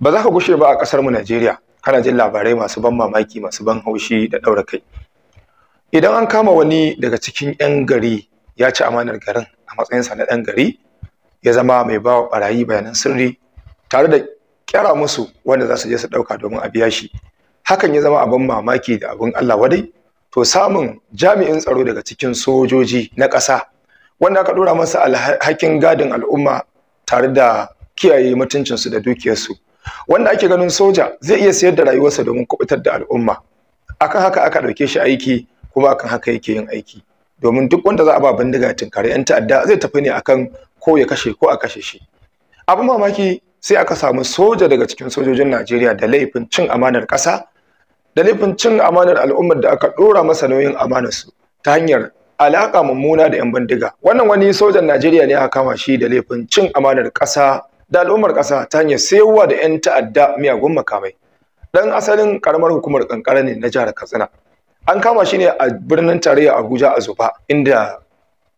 ba za ka gushe ba a ƙasar mu Najeriya kana jin labarai masu ban mamaki masu ban haushi da ɗaura kai idan an kama wani daga cikin 'yan gari ya ci amanar garin a matsayinsa na ɗan gari ya zama mai bawa barayi bayanan sirri tare da kyara musu wanda za su je su ɗauka domin a biya shi hakan ya zama abin mamaki da abin Allah wadai to samun jami'in tsaro daga cikin sojoji na ƙasa wanda aka ɗora masa alhakin gadin al'umma tare da kiyaye mutuncinsu da dukiyarsu wanda ake ganin soja zai iya sayar da rayuwarsa domin kubutar da al'umma akan haka aka ɗauke shi aiki kuma akan haka yake yin aiki domin duk wanda za a ba bindiga tinkare yan ta'adda zai tafi ne akan ko ya kashe ko a kashe shi abin mamaki sai aka samu soja daga cikin sojojin Najeriya da laifin cin amanar ƙasa da laifin cin amanar al'ummar da aka ɗora masa nauyin amanarsu ta hanyar alaƙa mummuna da 'yan bindiga wannan wani sojan Najeriya ne aka kama shi da laifin cin amanar ƙasa da al'ummar ƙasa ta hanyar sayarwa da 'yan ta'adda miyagun makamai dan asalin karamar hukumar kankara ne na jihar katsina an kama shi ne a birnin tarayya abuja a zuba inda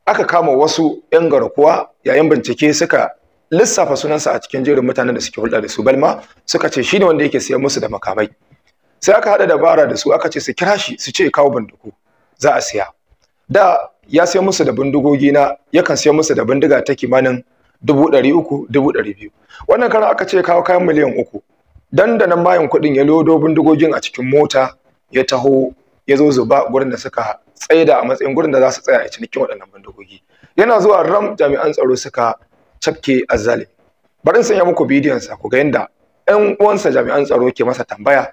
aka kama wasu 'yan garkuwa yayin bincike suka lissafa sunansa a cikin jerin mutanen da suke hulɗa da su balma suka ce shi ne wanda yake siyan musu da makamai sai aka haɗa dabara da su aka ce su kira shi su ce kawo bindigu za a siya da ya sayar musu da bindigogi na yakan sayar musu da bindiga ta kimanin dubu ɗari uku dubu ɗari biyu wannan karan aka ce kawo kayan miliyan uku dandanan bayan kuɗin ya lodo bindigogin a cikin mota ya taho ya zo zuba gurin da suka tsaida a matsayin gurin da za su tsaya a cinikin waɗannan bindigogi yana zuwa ram jami'an tsaro suka cafke azzali bari sanya muku bidiyon sa ku ga yanda ɗan uwansa jami'an tsaro ke masa tambaya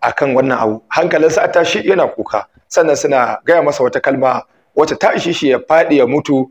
akan wannan abu hankalinsa a tashi yana kuka sannan suna gaya masa wata kalma wacce ta ishe shi ya faɗi ya mutu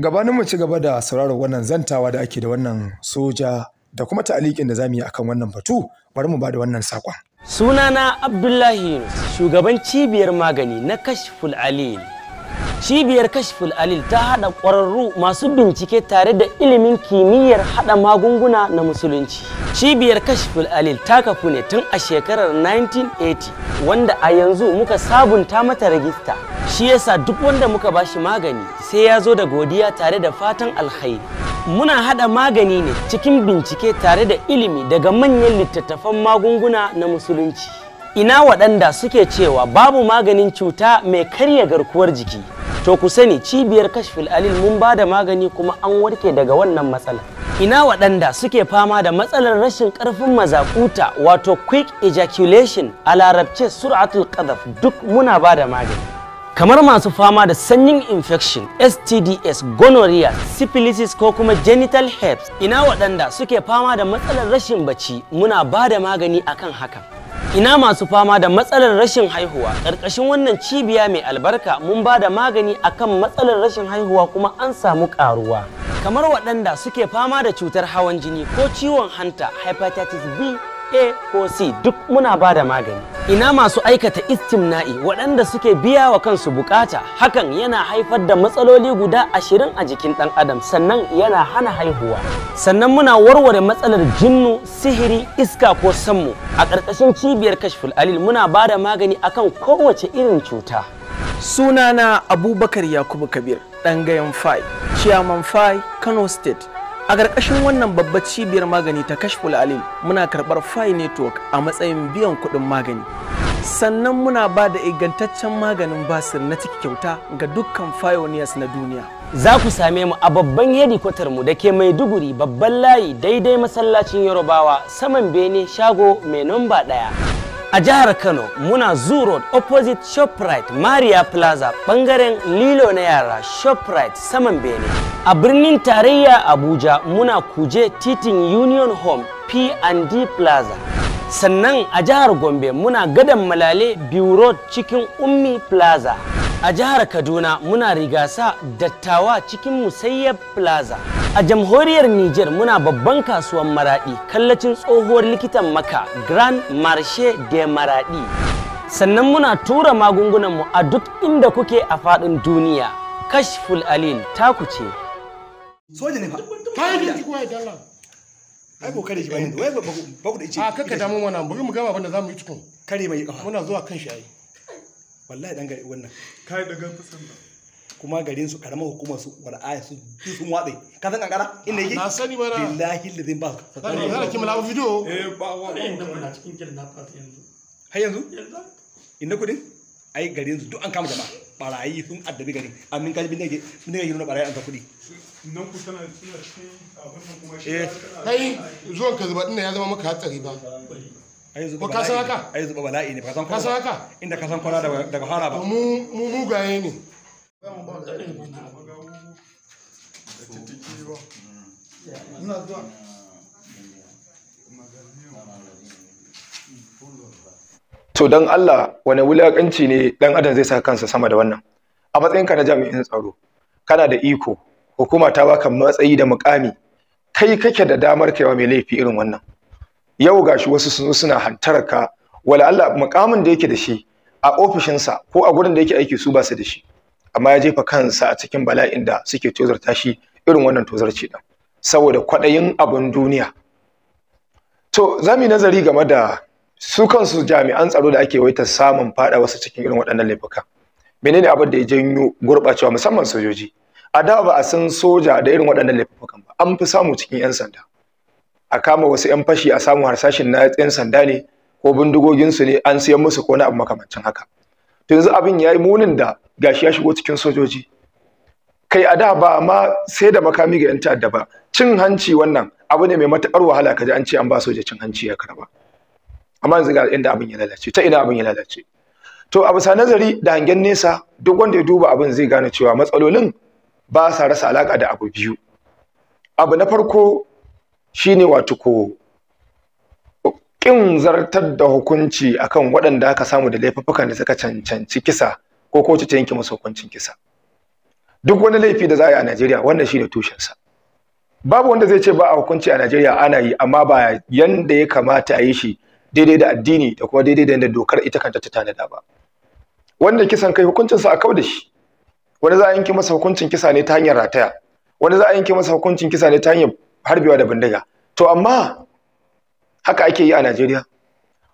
gabanin mu ci gaba da sauraron wannan zantawa da ake da wannan soja da kuma ta'aliƙin da zamu yi akan wannan batu bari mu bada wannan sakon sunana abdullahi shugaban cibiyar magani na kashful alil Cibiyar Kashful Alil ta haɗa ƙwararru masu bincike tare da ilimin kimiyyar haɗa magunguna na musulunci. Cibiyar Kashful Alil ta kafu ne tun a shekarar 1980 wanda a yanzu muka sabunta mata rajista. Shi yasa duk wanda muka bashi magani sai ya zo da godiya tare da fatan alkhairi. Muna haɗa magani ne cikin bincike tare da ilimi daga manyan littattafan magunguna na musulunci. Ina waɗanda suke cewa babu maganin cuta mai karya garkuwar jiki. to ku sani cibiyar kashfil alil mun ba da magani kuma an warke daga wannan matsala ina waɗanda suke fama da matsalar rashin ƙarfin mazakuta wato quick ejaculation a larabce sur'atul qadaf duk muna ba da magani kamar masu fama da sanyin infection stds gonorrhea syphilis ko kuma genital herpes ina waɗanda suke fama da matsalar rashin bacci muna ba da magani akan haka. Ina masu fama da matsalar rashin haihuwa ƙarƙashin wannan cibiya mai albarka mun ba da magani akan matsalar rashin haihuwa kuma an samu ƙaruwa. Kamar waɗanda suke fama da cutar hawan jini ko ciwon hanta hepatitis B a ko c duk muna ba da magani ina masu aikata istimna'i waɗanda suke biya wa kansu bukata hakan yana haifar da matsaloli guda ashirin a jikin ɗan adam sannan yana hana haihuwa sannan muna warware matsalar jinnu sihiri iska ko sammu a ƙarƙashin cibiyar kashful alil muna ba da magani akan kowace irin cuta sunana abubakar yakubu kabir ɗan gayan fai chairman fai kano state A ƙarƙashin wannan babbar cibiyar magani ta Kashful Alil muna karɓar Fi Network a matsayin biyan kuɗin magani. Sannan muna ba da ingantaccen maganin basir na ciki kyauta ga dukkan pioneers na duniya. Za ku same mu a babban yadi kwatar mu da ke mai duguri babban layi daidai masallacin Yarobawa saman Bene shago mai namba ɗaya. a jihar kano muna zoo road opposite shoprite maria plaza bangaren lilo na yara shoprite saman bene a birnin tarayya abuja muna kuje titin union home p&d plaza sannan a jihar gombe muna gadan malale biu road cikin ummi plaza A jihar Kaduna muna rigasa dattawa cikin Musayyab Plaza. A jamhuriyar Nijar muna babban kasuwan Maradi kallacin tsohuwar likitan maka Grand Marche de Maradi. Sannan muna tura magungunanmu a duk inda kuke a faɗin duniya. Kashful Alil ta ku ce. Soja ne fa. ai kokari shi ba ne wai ba ku da ice a kakka damu mana bari mu gama abin da zamu yi tukun kare mai kafa. muna zuwa kan shi ai wallahi dan gari wannan kai daga fasan ba kuma garin su karamar hukumar su wal'aya su duk sun watsai ka san kankara inda yake na sani mana billahi da zin ba ka sani yana ki mala video eh ba wa ne inda muna cikin kidnapper yanzu har yanzu inda kudin ai garin su duk an kama jama'a barayi sun addabi garin amin kalbi ne ke ne yi nuna barayi an ta kudi nan ku tana cikin abin kuma shi eh kai zuwan ka zuba din ya zama maka hatsari ba A yi ne haka inda kwana daga to don Allah wani wulakanci ne ɗan adam zai sa kansa sama da wannan a matsayinka na jami'in tsaro kana da iko hukuma ta baka matsayi da mukami kai kake da damar kaiwa mai laifi irin wannan yau gashi wasu sun zo suna hantarar ka wala Allah mukamin da yake da shi a ofishinsa ko a gurin da yake aiki su ba su da shi amma ya jefa kansa a cikin bala'in da suke tozarta shi irin wannan tozarci din saboda kwaɗayin abin duniya to za mu yi nazari game da su kansu jami'an tsaro da ake waita samun faɗa wasu cikin irin waɗannan laifuka menene abin da ya janyo gurɓacewa musamman sojoji a da ba a san soja da irin waɗannan laifukan ba an fi samu cikin 'yan sanda a kama wasu 'yan fashi a samu harsashin na 'yan sanda ne ko bindigoginsu ne an siyan musu ko na abu makamancin haka to yanzu abin ya yi munin da gashi ya shigo cikin sojoji kai a da ba ma sai da makami ga 'yan ta'adda ba cin hanci wannan abu ne mai matakar wahala kaji an ce an ba soja cin hanci ya karba amma yanzu ga inda abin ya lalace ta ina abin ya lalace to a bisa nazari da hangen nesa duk wanda ya duba abin zai gane cewa matsalolin ba sa rasa alaka da abu biyu abu na farko shine wato ko kin zartar da hukunci akan waɗanda aka samu da laifukan da suka cancanci kisa ko ko ta yanke musu hukuncin kisa duk wani laifi da za a yi a Najeriya wannan shine tushensa babu wanda zai ce ba a hukunci a Najeriya ana yi amma ba yanda ya kamata a yi shi daidai da addini da kuma daidai da yanda dokar ita kanta ta tanada ba wanda kisan kai hukuncinsa a kau da shi wani za a yanke masa hukuncin kisa ne ta hanyar rataya wani za a yanke masa hukuncin kisa ne ta hanyar harbewa da bindiga to amma haka ake yi a Najeriya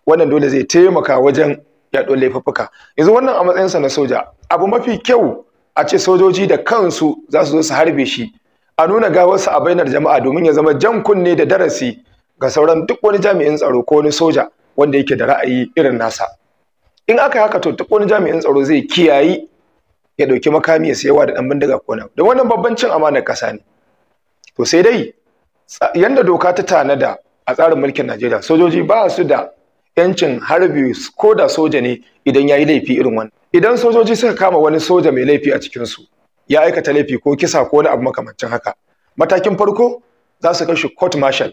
wannan dole zai taimaka wajen yaɗo laifuffuka yanzu wannan a matsayinsa na soja abu mafi kyau a ce sojoji da kansu za su zo su harbe shi a nuna gawarsa a bainar jama'a domin ya zama jan kunne da darasi ga sauran duk wani jami'in tsaro ko wani soja wanda yake da ra'ayi irin nasa in aka haka to duk wani jami'in tsaro zai kiyayi ya ɗauki makami ya sayawa da ɗan bindiga ko nan don wannan babban cin amanar ƙasa ne to sai dai yanda doka ta tanada a tsarin mulkin Najeriya sojoji ba su da yancin harbi ko da soja ne idan ya yi laifi irin wannan idan sojoji suka kama wani soja mai laifi a cikinsu ya aikata laifi ko kisa ko wani abu makamancin haka matakin farko za su kai shi court martial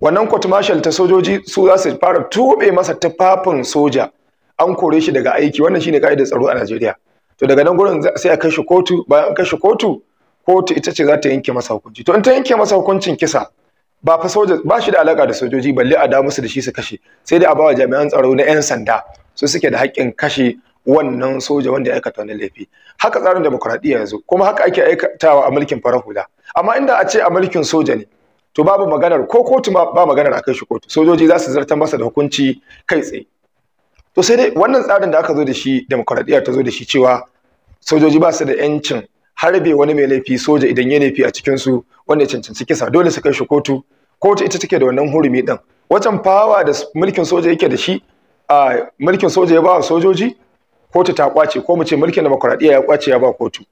wannan court martial ta sojoji su za su fara tube masa tufafin soja an kore shi daga aiki wannan shine ka'idar tsaro a Najeriya to daga nan gurin sai a kai kotu bayan an kai kotu kotu ita ce za ta yanke masa hukunci to in ta yanke masa hukuncin kisa ba fa soja ba shi da alaka da sojoji balle a da musu da shi su kashe sai dai a bawa jami'an tsaro na yan sanda su suke da haƙƙin kashe wannan soja wanda ya aikata wani laifi haka tsarin demokradiya yanzu kuma haka ake aikatawa a mulkin farar hula amma inda a ce a mulkin soja ne to babu maganar ko kotu ba maganar akai shi kotu sojoji za su zartar masa da hukunci kai tsaye to sai dai wannan tsarin da aka zo da shi demokradiya ta zo da shi cewa sojoji ba su da yancin harbe wani mai laifi soja idan ya laifi a cikin su wanda ya cancanci kisa dole su kai shi kotu kotu ita take da wannan hurumi din wacan fawa da mulkin soja yake da shi a mulkin soja ya ba sojoji kotu ta kwace ko mu ce mulkin demokradiya ya kwace ya ba kotu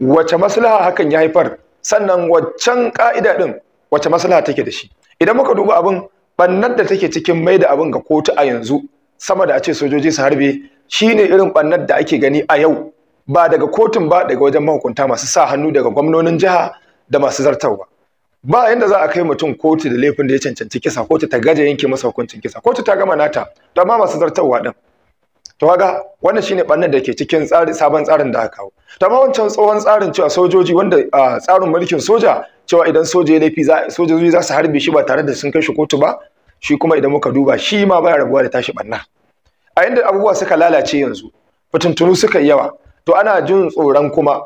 wace maslaha hakan ya haifar sannan waccan ka'ida din wace maslaha take da shi idan muka duba abin bannar da take cikin mai da abin ga kotu a yanzu sama da a ce sojoji su harbe shine irin bannar da ake gani a yau ba daga kotun ba daga wajen mahukunta masu sa hannu daga gwamnonin jiha da masu zartarwa ba yanda za a kai mutum kotu da laifin da ya cancanci kisa kotu ta gaje yanke masa hukuncin kisa kotu ta gama nata to amma masu zartarwa din to kaga wannan shine bannan da ke cikin tsari sabon tsarin da aka kawo to amma wancan tsohon tsarin cewa sojoji wanda tsarin mulkin soja cewa idan soja ya laifi sojoji za su harbe shi ba tare da sun kai shi kotu ba shi kuma idan muka duba shi ma baya rabuwa da tashi banna a inda abubuwa suka lalace yanzu fitintunu suka yi yawa to ana jin tsoron kuma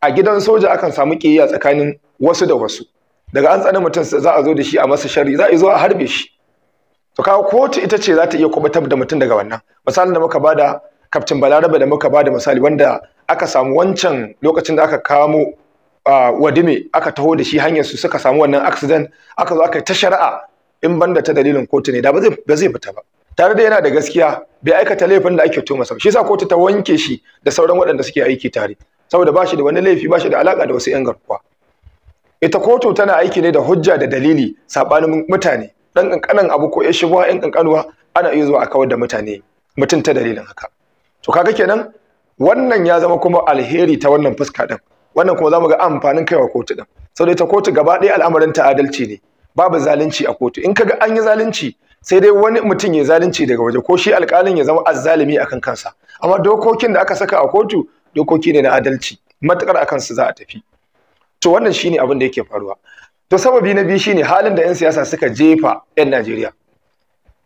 a gidan soja akan samu kiyayya tsakanin wasu da wasu daga an tsani mutum za a zo da shi a masa shari za a zo a harbe shi to kawo kotu ita ce za ta iya kubutar da mutum daga wannan Misali da muka bada kaftin balarabe da muka bada misali wanda aka samu wancan lokacin da aka kamo wadime aka taho da shi hanyar su suka samu wannan accident aka zo aka yi ta shari'a in banda ta dalilin kotu ne da ba zai fita ba tare da yana da gaskiya bai aikata laifin da ake tuhuma sa shi yasa kotu ta wanke shi da sauran waɗanda suke aiki tare saboda bashi da wani laifi bashi da alaka da wasu yan garkuwa ita kotu tana aiki ne da hujja da dalili sabanin mutane dan kankanan abu ko ya shigo yan kankanuwa ana iya zuwa a kawar da mutane mutum ta dalilin haka to kaga kenan wannan ya zama kuma alheri ta wannan fuska din wannan kuma zamu ga amfanin kaiwa kotu din saboda ita kotu gaba ɗaya al'amarin ta adalci ne babu zalunci a kotu in kaga an yi zalunci sai dai wani mutum ya zalunci daga waje ko shi alƙalin ya zama azzalimi akan kansa amma dokokin da aka saka a kotu dokoki ne na adalci matukar akan su za a tafi to wannan shine abin da yake faruwa to sababi na biyu shine halin da 'yan siyasa suka jefa 'yan Najeriya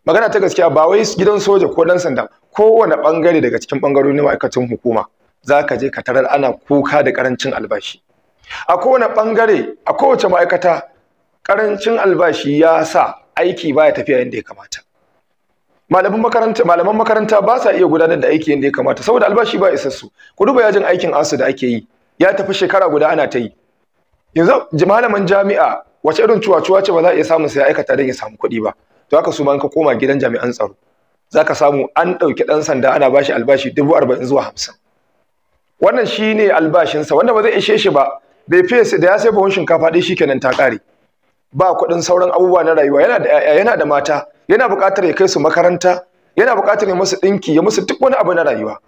magana ta gaskiya ba wai gidan soja ko dan sanda kowane bangare daga cikin bangarori na ma'aikatan hukuma zaka je ka tarar ana kuka da karancin albashi a kowane bangare a kowace ma'aikata karancin albashi ya sa aiki baya tafiya yadda ya kamata malaman makaranta malaman ba sa iya gudanar da aiki yadda ya kamata saboda albashi ba isassu ku duba yajin aikin asu da ake yi ya tafi shekara guda ana ta yi yanzu malaman jami'a wace irin cuwa-cuwa ce ba za a iya samun sai aikata don ya samu kuɗi ba to haka su ma ka koma gidan jami'an tsaro za ka samu an ɗauki ɗan sanda ana bashi albashi dubu arba'in zuwa hamsin wannan shi ne albashinsa wanda ba zai ishe shi ba bai fiye da ya sai buhun shinkafa ɗaya kenan ta ƙare ba kuɗin sauran abubuwa na rayuwa yana da yana da mata yana buƙatar ya kai su makaranta yana buƙatar ya musu ɗinki ya musu duk wani abu na rayuwa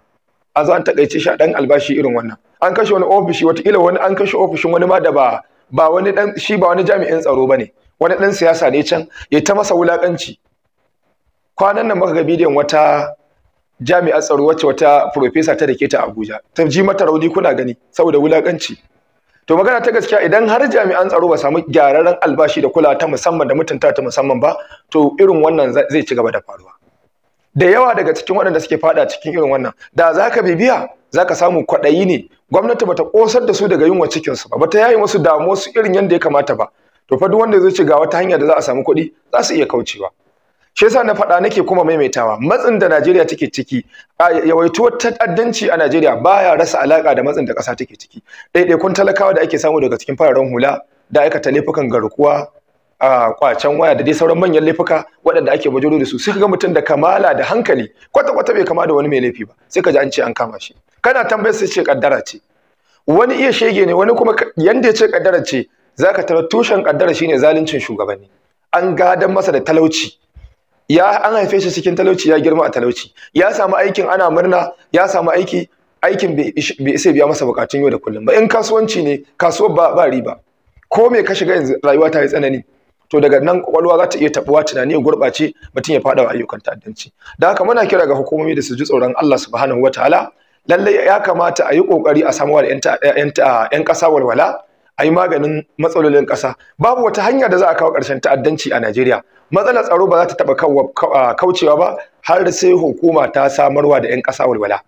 a zo an taƙaice shi a ɗan albashi irin wannan an kashe wani ofishi watakila wani an kashe ofishin wani ma da ba ba wani ɗan shi ba wani jami'in tsaro ba ne wani ɗan siyasa ne can ya ta masa wulaƙanci kwanan nan muka ga bidiyon wata jami'ar tsaro wacce wata profesa ta dake ta Abuja ta ji mata rauni kuna gani saboda wulaƙanci to magana ta gaskiya idan har jami'an tsaro ba samu gyararren albashi da kula ta musamman da mutunta ta musamman ba to irin wannan zai ci gaba da faruwa da yawa daga cikin waɗanda suke fada cikin irin wannan da za ka bibiya za ka samu kwaɗayi ne gwamnati bata ƙosar da su daga yunwa cikinsu ba bata yayi wasu damuwa su irin yadda ya kamata ba to fa duk wanda zai ci ga wata hanya da za a samu kuɗi za su iya kaucewa shi yasa na faɗa nake kuma maimaitawa matsin da Najeriya take ciki yawaituwar ta'addanci a Najeriya baya rasa alaka da matsin da ƙasa take ciki kun talakawa da ake samu daga cikin fararen hula da aikata laifukan garkuwa a kwacen waya da dai sauran manyan laifuka waɗanda ake bajiro da su sai ka ga mutum da kamala da hankali kwata kwata bai kama da wani mai laifi ba sai ka ji an ce an kama shi kana tambayar sai ce kaddara ce wani iya shege ne wani kuma yanda ya ce kaddara ce zaka tara tushen kaddara shine zaluncin shugabanni an gadan masa da talauci ya an haife shi cikin talauci ya girma a talauci ya samu aikin ana murna ya samu aiki aikin bai sai biya masa bukatun yau da kullum ba in kasuwanci ne kasuwar ba, ba riba ko me ka shiga yanzu rayuwa ta yi tsanani to daga nan kwakwalwa za ta iya tabuwa tunani ya gurɓace mutum ya faɗa ayyukan ta'addanci da haka muna kira ga hukumomi da su ji tsoron Allah subhanahu wataala lallai ya kamata a yi kokari a samu da yan ƙasa walwala a yi maganin matsalolin ƙasa babu wata hanya da za a kawo ƙarshen ta'addanci a Najeriya matsalar tsaro ba za ta taɓa ah, kaucewa ba har sai hukuma ta samarwa da 'yan ƙasa walwala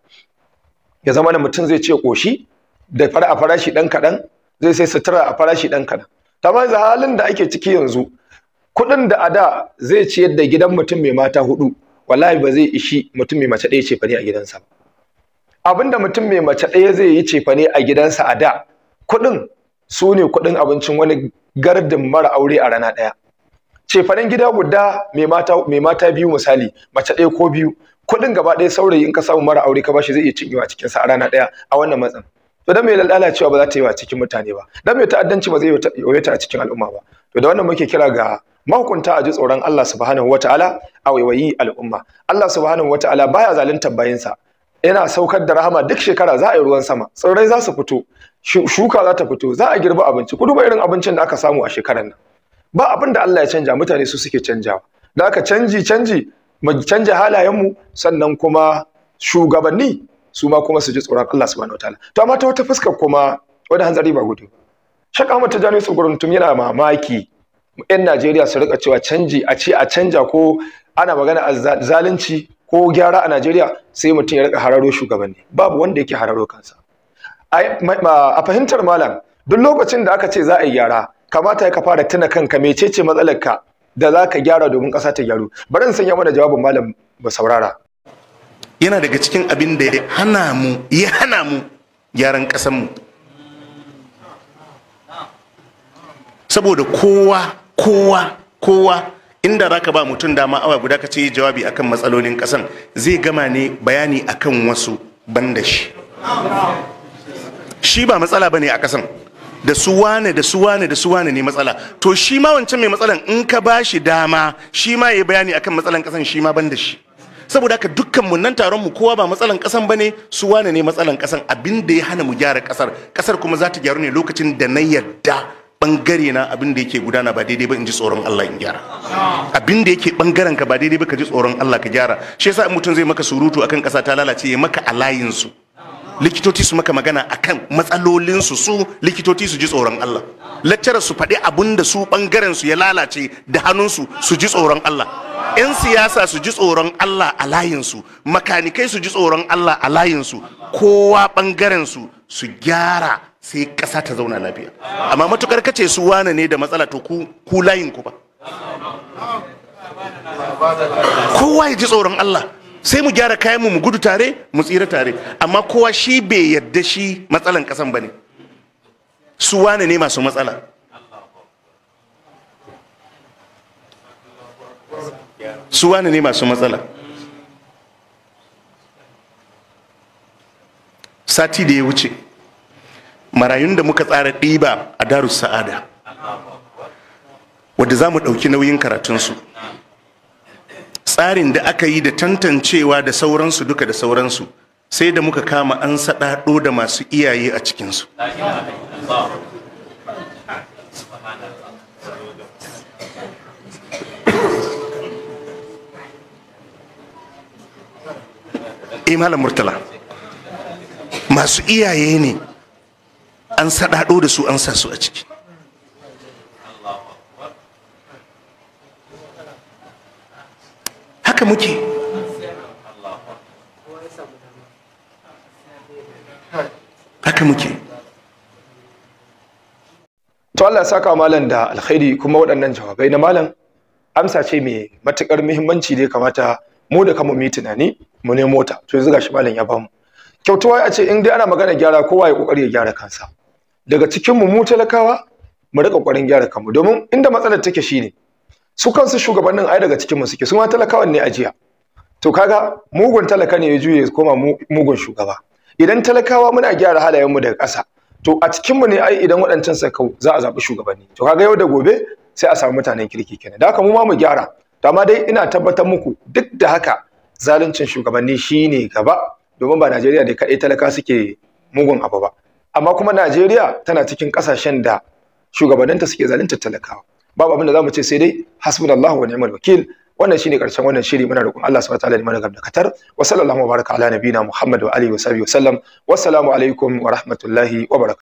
ya zama da mutum zai ce ƙoshi da fara a farashi ɗan kaɗan zai sai sutura a farashi ɗan kaɗan ta manza halin da ake ciki yanzu kuɗin da a da zai ciyar da gidan mutum mai mata hudu wallahi ba zai ishi mutum mai mace ɗaya cefane a gidansa ba da mutum mai mace ɗaya zai yi cefane a gidansa a da kuɗin su ne kuɗin abincin wani gardin mara aure a rana ɗaya cefanen gida guda mai mata mai mata biyu misali mace ɗaya ko biyu kuɗin gaba ɗaya saurayi in ka samu mara aure ka bashi zai iya cinyewa cikin sa a rana ɗaya a wannan matsan to dan mai lalacewa ba za ta yi wa cikin mutane ba dan mai ta'addanci ba zai yi ta a cikin al'umma ba to da wannan muke kira ga mahukunta a ji tsoron Allah subhanahu wataala a waiwayi al'umma Allah subhanahu wataala baya zaluntar bayinsa yana saukar da rahama duk shekara za a yi ruwan sama tsirrai za su fito shuka za ta fito za a girbi abinci ku duba irin abincin da aka samu a shekarar nan ba abin da Allah ya canja mutane su suke canjawa da aka canji canji mu canja halayenmu sannan kuma shugabanni su ma kuma su ji tsoron Allah subhanahu wataala to amma ta wata fuskar kuma wani hanzari ba gudu shaka mata jani su gurin tum yana mamaki yan Najeriya su rika cewa canji a ce a canja ko ana magana a zalunci ko gyara a Najeriya sai mutum ya rika hararo shugabanni babu wanda yake hararo kansa a fahimtar malam duk lokacin da aka ce za a yi gyara kamata ya ka fara tuna kanka mecece matsalarka da za ka gyara domin ƙasa ta gyaru bari in sanya mana jawabin malam ba saurara yana daga cikin abin da ya hana mu hana mu gyaran ƙasar mu saboda kowa kowa kowa inda za ka ba mutum dama awa guda ka ce jawabi akan matsalolin ƙasan zai gama ne bayani akan wasu ban shi shi ba matsala ba ne a ƙasan da su wane da su wane da su wane ne matsala to shi ma wancan mai matsalan in ka ba shi dama shi ma ya bayani akan matsalan kasan shi ma ban da shi saboda haka dukkan mu nan taron mu kowa ba matsalan kasan bane su wane ne matsalan kasan abin da ya hana mu gyara kasar kasar kuma za ta gyaru ne lokacin da na yadda bangare na abin da yake gudana ba daidai ba in ji tsoron Allah in gyara abin da yake bangaren ka ba daidai ba ka ji tsoron Allah ka gyara shi yasa mutum zai maka surutu akan kasa ta lalace ya maka alayin su likitoci su maka magana akan matsalolinsu su likitoci su ji tsoron Allah lecturer su faɗi abun da su ɓangaren su ya lalace da hannunsu su ji tsoron Allah 'yan siyasa su ji tsoron Allah a layinsu makanikai su ji tsoron Allah a layinsu kowa ɓangaren su su gyara sai ƙasa ta zauna lafiya amma matukar kace su wane ne da matsala to ku ku ba kowa ya ji tsoron Allah sai mu gyara kayanmu mu gudu tare mu tsira tare amma kowa shi bai yadda shi matsalan kasan bane su wane ne masu matsala su wane ne masu matsala sati da ya wuce marayun da muka tsara ɗiba a darussa'ada sa'ada wadda za mu ɗauki nauyin karatunsu tsarin da aka yi da tantancewa da sauransu duka da sauransu sai da muka kama an saɗaɗo da masu iyaye a cikinsu imala eh, murtala masu iyaye ne an saɗaɗo da su an sa su a ciki haka muke haka muke to Allah saka malam da alkhairi kuma waɗannan jawabai na malam amsa ce mai matukar muhimmanci da ya kamata mu da kama mu tunani mu ne mota to yanzu gashi malam ya bamu kyautuwa ya ce in dai ana magana gyara kowa ya kokari ya gyara kansa daga cikin mu mu talakawa mu rika kokarin gyara kanmu domin inda matsalar take shine su kansu shugabannin ai daga cikinmu mu suke su ma talakawan ne a jiya to kaga mugun talaka ne ya juye koma mugun shugaba idan talakawa muna gyara halayenmu daga ƙasa to a cikinmu ne ai idan waɗancan sakau za a zaɓi shugabanni to kaga yau da gobe sai a samu mutanen kirki kenan da haka mu ma mu gyara to amma dai ina tabbatar muku duk da haka zaluncin shugabanni shine gaba domin ba Najeriya da kaɗai talaka suke mugun abu ba amma kuma Najeriya tana cikin ƙasashen da shugabanninta suke zaluntar talakawa babu abin da zamu ce sai dai hasbunallahu wa ni'mal wakil wannan shine karshen wannan shiri muna roƙon Allah subhanahu wataala ya mana gab da katar wa sallallahu baraka ala nabiyina Muhammad wa alihi wa sahbihi wa sallam wassalamu alaikum wa rahmatullahi wa barakatuh